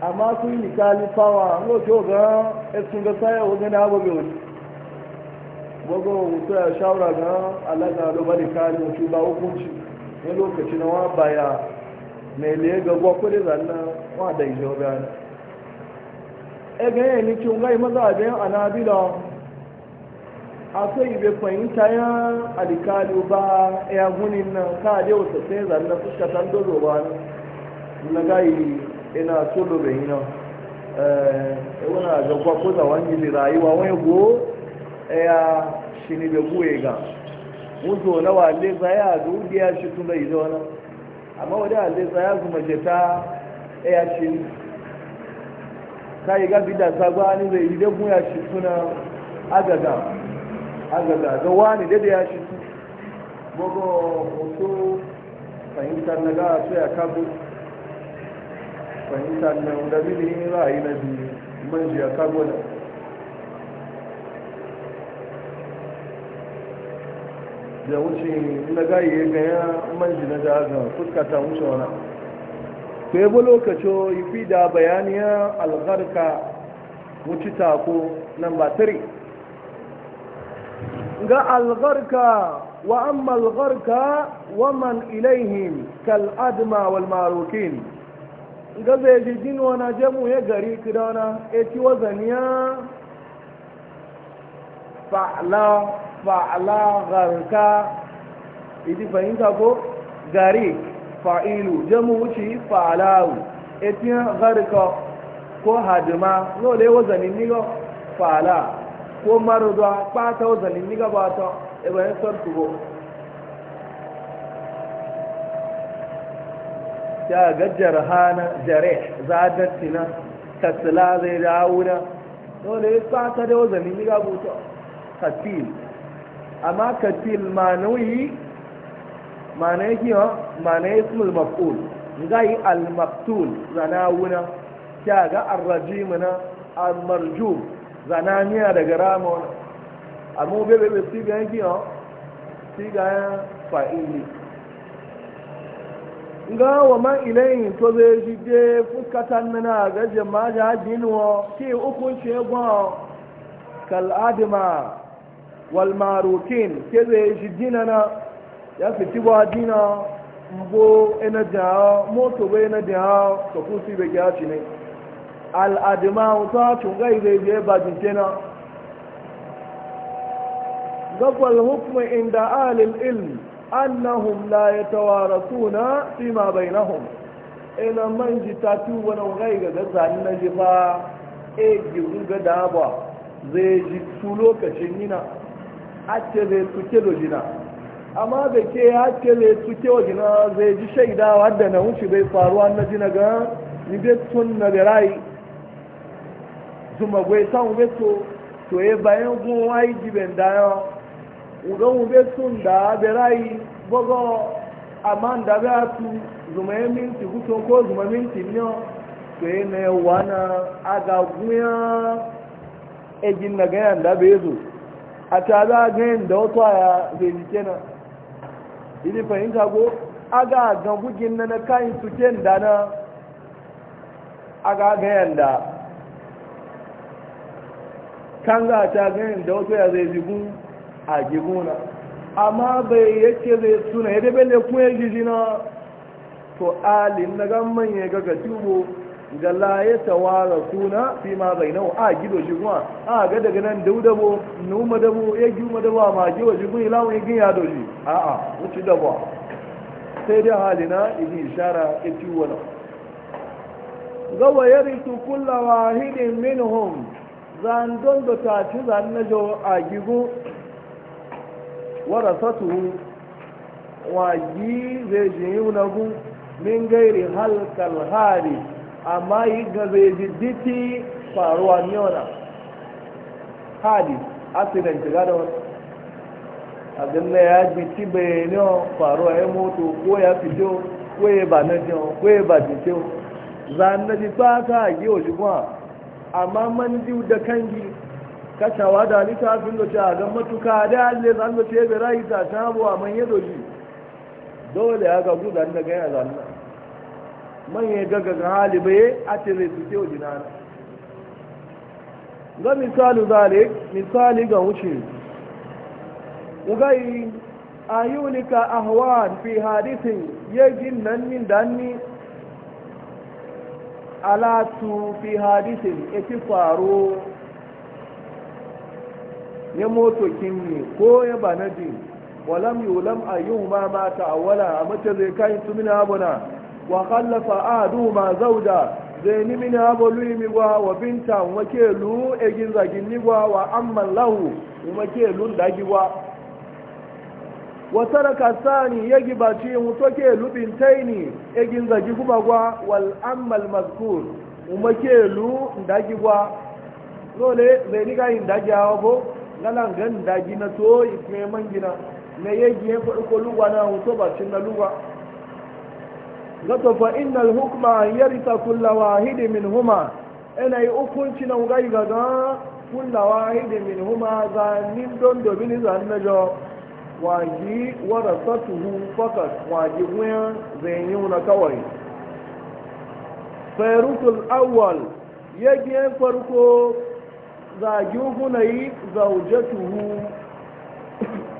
amma sun yi alikali fawa gojo ga ya sun saya wani na abubuwa gogo mutu ya shawara ga alaga lo bari kare mutu ba hukunci ne lokaci na wa baya mai le ga gwa kudi zanna wa da ijo gani e ga yi ki ngai maza a bayan anabila akwai ibe fahimta ya alikali ba ya gunin nan ka da wasu sai zanna fuska tan dozo ba na gai ina so do bayin nan e wani ga gwa ko da wani rayuwa wani go ya shi ne da buwe ga mutu na wale zaya ga wuɗi ya shi tun da izo wani amma wadda wale zaya su mace ta ya shi ka yi gabi da zagwa ni zai yi da buya shi tuna agaga agaga ga wani da da ya shi tun gogo hoto fahimtar na ga su ya kabu fahimtar na da mini ra'ayi na biyu manji ya kabu da da wuce na gaye gaya manji na daga ta wuce wani ko yabo lokaci yi fi da bayaniya algarka wuce tako nan ba tare ga algarka wa amma malgarka wa man ilaihim kal adma wal marokin ga zai jijin wana jemu ya gari kidana ci wazaniya fa'la fa'ala gharka idi fahimta ko gari fa'ilu jamu wuce fa'alawu etiyan gharka ko hadima lole wazanin nigo fa'ala ko maruwa ɓata wazanin niga ba ta ibayen sarfi ko ta gajjar hana jare zadarci na kasila zai dawo na lole ɓata da wazanin niga ba ta katil amma katil manawi mana yake ha mana ismul maf'ul ngai al maqtul zana wuna kya ga arrajim na al marjum zana niya daga rama amma be be siga yake ha gaya fa'ili nga wa ma ilayin to zai ji je fuskatan mana ga jama'a jadinwa ke ukun shegwa kal adima walmarokin ke zai shi dina na ya ci ba dina mbo ina jiha moto ina da ha ta kusi bai kya ci ne al'adima wata cungai zai ba bajin na? gaba hukuma inda alil ilm annahum la yatawarasuna na bainahum ina man ji tatu wani ngai ga zani na ji fa e gi ga da ba zai ji su lokacin nina ake suke da lojina amma da ke ake suke tuke lojina zai ji shaida. wadda na wuce zai faruwa na jina ga ibe tun na da rai zuma gwai san ube to to ya bayan yi wayi giben daya ugan ube tun da da rai bogo amma da ba su zuma ya minti hutun ko zuma minti ne to ya na yawa na aga gwiya. ejin na ga yanda bai zo a ta za a ganin da wasu aya zai jike na ili fahimta ko aga ga bugin na na kayan suke da na aga gayan da kan za a ta ganin da wasu aya zai zigun a giguna amma bai yake zai suna ya dabe ne kuma ya jiji na to alin na gan manya ga gatubo da la ya tawara suna fi ma nau a gido shi kuma a ga daga nan da dabo nu madabo ya gi ma dabo wa shi kuma ilawo ya gi ya doji a a wuce ba sai dai halina idi ishara ya ci wala ga wa su kulla wahidin minhum zan don da ta ci zan na jo a gigo rasatu wa gi zai ji yunagu min gairi halkal hari amma yi ji diti faruwa ne wana hali accident ga da wani abin da ya jiki bai ne faruwa ya moto ko ya fito ko ya ba na jiyo ko ya ba jike zan na ji ba ta yi wa a. amma man ji da kangi kashawa da littafin da ce a ga matuka da alle zan da ce bai rayu ta tabo a man ya doji dole ya gagu zan da gaya zan na manyan ga halibai a tere su ke wajina ga misali zale misali ga wuce a a ahwan fi hadithin yajin nan min danni alatu fi hadisin ci faro ya moto ne ko ya banadi walam yulam ayyuhuma ma awala a mace zai kai su min na. wa khallafa ahaduhuma zawja zaini min abu luimi gwa wa binta ke lu egin zagin ni gwa wa amman lahu ke lu dagi gwa wa taraka thani yagi baci ke lu bintaini egin zagi kuma gwa wal ammal mazkur ke lu ndagi gwa dole zaini ga yin dagi hawo lalan gan dagi na to ikme mangina na yagi ya faɗi ko lugwa na hoto bacin na lugwa gato fa inna al hukma an yarita kulla wahidi minhuma ina yi hukunci nan gai gaga kulla wahidi minhuma zanin don domin zan na jo waji warasatuhu fakat waji wuyan zanyi na kawai fayrukul awwal yage farko zagi hunayi zaujatuhu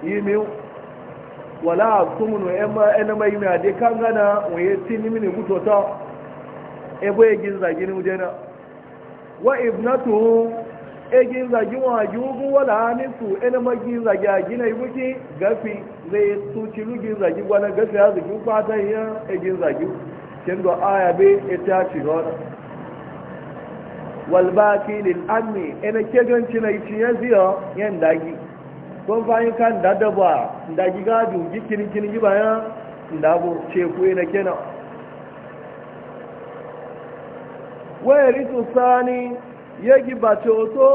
yi miu wala sumu no ema ina mai mi ade kan gana tini mini gutota e boye gin zagi ni mujena wa ibnatu e gin zagi wa jugu wala nisu ina mai gin zagi a gina gafi zai su ci lu gin zagi wala gafi ya zagi kwata ya e gin zagi ken do aya be e ta ci gona wal baqi lil ammi ina ke gancin ai ci ya ziyo yan dagi don bayan kan da daba da giga jungi kirkin gi bayan da bu ce ku ina kena waya ritu sani ya giba ba ce oto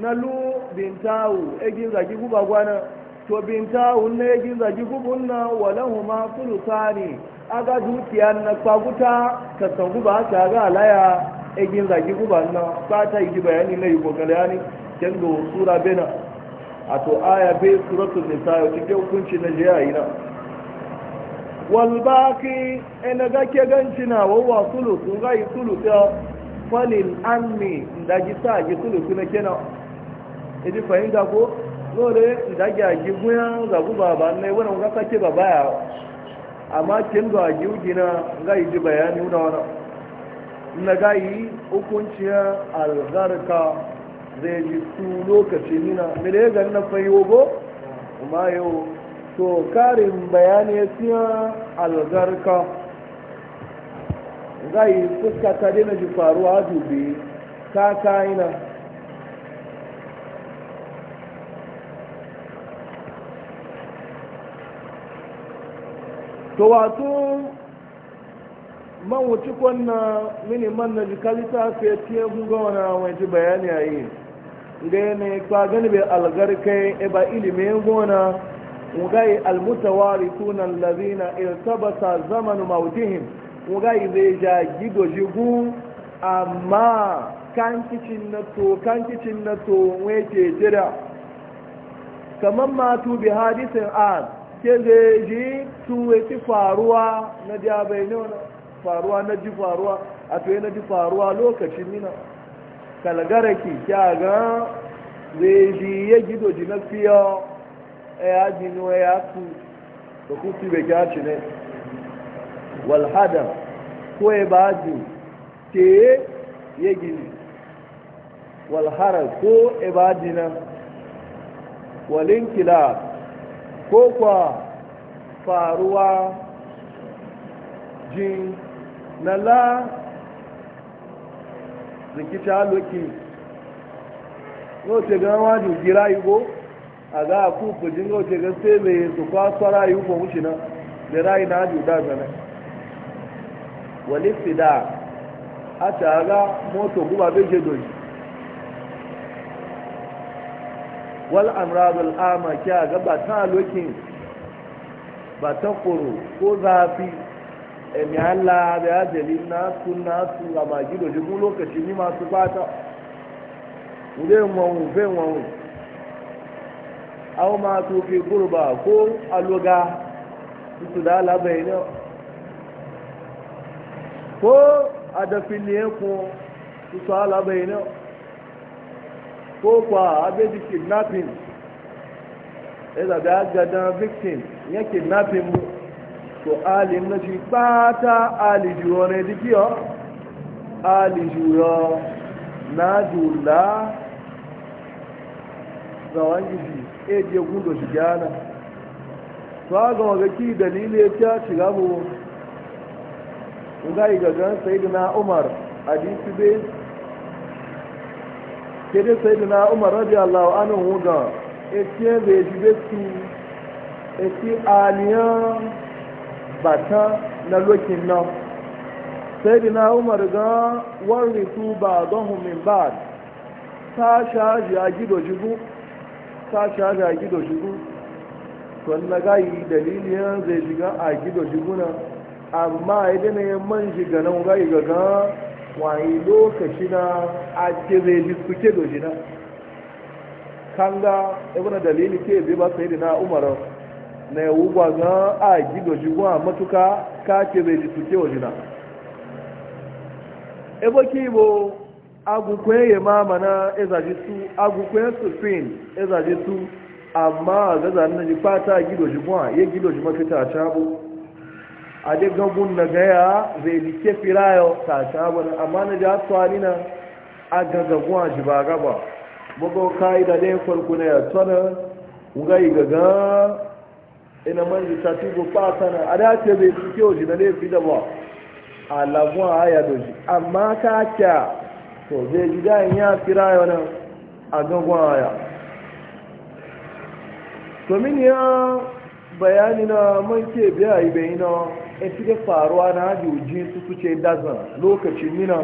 na lu bintawu ya gi zagi guba gwana to bintawu na ya gi zagi gubun na walahu ma kulu sani aga dukiya na kwaguta ka guba ta ga alaya ya gi zagi guba na ba ta yi bayani na yi kokali yani kendo sura bena a to aya bai suratul nisa ya cike hukunci na jiya yi na walbaki ina ga ke ganci na wawa sulu sun ga yi sulu ta falil ammi da gi sa gi sulu kuna kena idi e fahimta ko dole da gi agi guya ga guba ba ne wani ga sake ba baya amma kin ga agi ugina ga yi bayani wannan na ga yi hukuncin algarka zai ji su lokaci nuna mele ga na fayo go kuma yau to karin bayani ya siya algarka zai fuska ta dina ji faruwa dubi ta kaina to wato man wuce kwanna mini man na jikalita fiye tiye gungawa na wajen bayani a yi ga ne kwa gani bai algarkai e ba ilimin gona wugai almutawarithuna allazina irtabata zamanu mautihim wugai zai ja gido jigu amma kan kicin na to kan kicin na to wake jira kamar matu bi hadisin an ke zai ji tuwe ci faruwa na diabai ne faruwa na ji faruwa a tuwe na ji faruwa lokacin nina kalgaraki ga zai shi ya gido ji na fiye ya ji nuwa ya tu da kusi bai kya ci ne hada ko ya e ba ji te ya gini Walhara ko ya e ba ji na? walinkila ko kwa faruwa jin na la rikici haloki yau ce gana wajen gira yi go a ga a kuku jin yau ce sai mai su kwasa rayu ko wuce nan da rayu na hajji da zane wani fida a ta ga moto guba bai ke doji wal amradul ama kya ga ba ta lokin ba ta koro ko zafi emi Allah da ya n'atu n'atu nasu a magi da jibu lokaci ni masu bata zai wanwu zai wanwu aw ma tufi goroba ko aluga tutu da ala labai ne ko a da filiye ko ala su labai ne ko kwa abe abedi kidnapping ya da gadan victim nye kidnapping mu to alin na shi ɓata alijuwa ne dikiyo alijuwa na jula ga wani shi ejiye gudu shi gyana to a ga wagaki dalilin ya kya shiga mu ga igagan na umar hadisi be. kede na umar radiyallahu anhu ga da. E bai shi be su eti aliyan batan na lokin nan sai dina umar ga wani su ba don min ba ta shaji a gido shigu ta shaji a gido shigu to na gayi dalilin zai shiga a gido shigu na amma idan ya man shiga nan gayi ga ga wani lokaci na a ce zai ji suke doshi na kanga ibn dalili ke bi ba sai dina umar na yawu gwaga a gido shi matuka ka bai ji suke wa jina ebo kibo agukwe ma mama na ezaji su agukwe su fin ezaji su amma ga nna ji fata gido shi kuma ya gido shi mafita ta bu a na gaya zai ji firayo ta bu amma na ji hatuwa na a gagaguwa shi ba gaba bugo ka'ida ne farko na ya tsanar wuga ina man tafi tubo fata na ada ce be ci o ji na fi da ba a lagun a do doji amma ka ta to zai ji in ya fira yo na a go aya to min ya bayani na man ke biya yi bai na in fi faruwa na haji uji su su ce dazan lokacin nina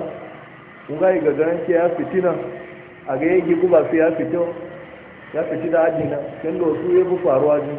ga yi gagarin ke ya fitina a ga yi guba fi ya fito ya fiti da haji na kendo su yi bu faruwa jini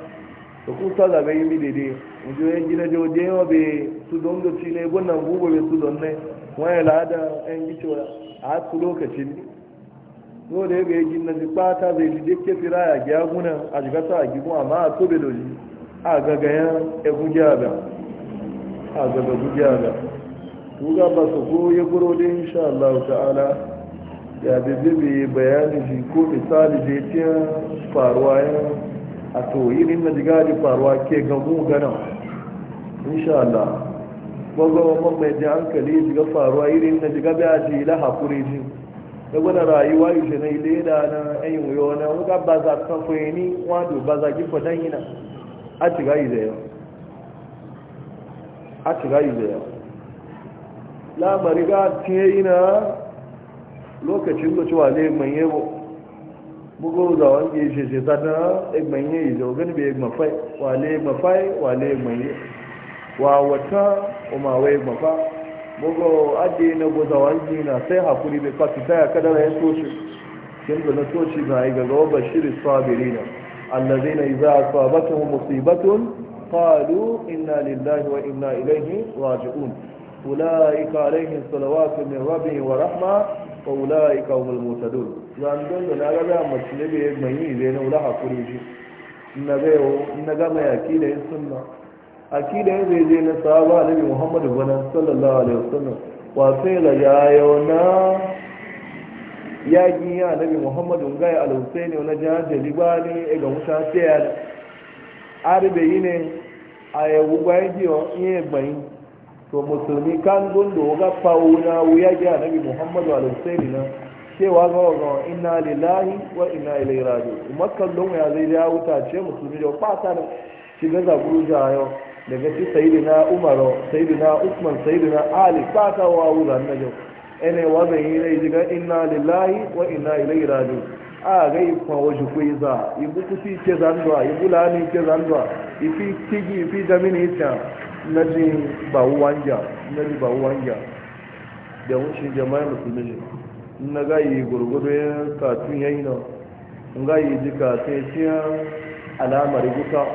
da kun sa zaga yi midede inji yan gina jo je yawa be su don da ci ne gwanan gugu be su don ne wani lada yan gice a su lokacin ne no da yaga yi gina ji ta zai ji ke fira ya gya guna a shiga sa a gigun amma a tobe da doji a ya egun ga a gagagu gyaga tuga ba su ko ya buro da insha Allah ta'ala ya bebe bayani shi ko misali da ya faruwa yan a to yi nin na jigadi faruwa ke gamu gana insha Allah gwagwa man mai ji hankali jiga faruwa yi nin na jiga bai ji la hakuri ji da wani rayuwa yi shi na ile da na ayin wuyo na wuka ba za ta fayi ni wado ba za ki fadan yi na a ciga yi zai a ciga yi zai lamari ga tiye yi na lokacin da cewa zai manye bugu za wange shi shi sana egmanye izo gani bai egmafai wale egmafai wale egmanye wa wata umawa egmafa bugu adi na goza wange na sai hakuri bai kwafita ya kadara ya toshi kin da na toshi na yi gagawa bashir sabirina allazina idza asabatuhum musibatun qalu inna lillahi wa inna ilaihi raji'un ulaika alaihim salawatu min rabbihim wa rahmah fa ulai qaumul mutadun zan don da naga da mace ne mai yi zai na ula hakuri shi na ga na ga mai akida yin sunna akida yin zai je na sahaba annabi muhammadu bana sallallahu alaihi wasallam wa sai la yayo na ya gi ya nabi muhammadu ga ya wani jihar wa najaha jalibani e ga musa sai ya arbe a ayewu gwaji o yin gbayin to musulmi kan gundo ga fauna wuya ga Muhammad muhammadu alaihi na cewa ga wa inna lillahi wa inna ilaihi raji'un makkan don ya zai ya wuta ce musulmi da kwata da shiga ga guruja yau daga ci sayyidina umar sayyidina usman sayyidina ali kwata wa wuza ne yau ene wa zai yi rai diga inna lillahi wa inna ilaihi raji'un a ga ifa wa shi yi ibu kusi ce zandwa yi bulani ce zandwa ifi tigi fi damini ita na ji ba wanja na ba wanja da wuce jama'a musulmi ne na gayi gurgudu ya katun yayi na gayi ji katun ya alamar guta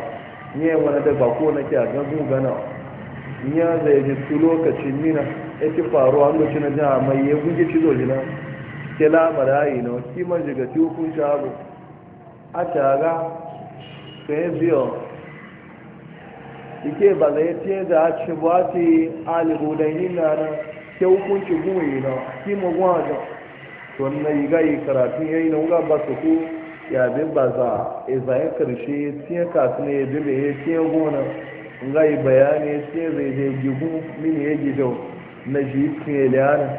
ne wani da bako na ke a gazu gana ya zai ji su lokaci nina ya ci an lokacin na jiha mai ya guje ci zo jina ke lamar ayi na kiman jiga ci hukun shago a taga sai biyo ike ba zai ce da a ci ba ce yi na nan ke hukunci gumi na kima gwajo to na yi gayi karatu ya yi na wuga ba su ku ya bi ba za a e zayen karshe tiye kasu ne ya bi da ya tiye gona nga yi bayani tiye zai ya gigu mini ya gijo na ji tiye liyanin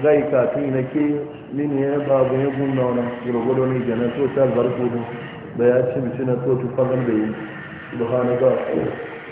nga yi kasu na ke mini ya babu ya gunna wani gurgudu ne jana to ta zarfu da ya ci mishi na to tufan da yi da hannu ba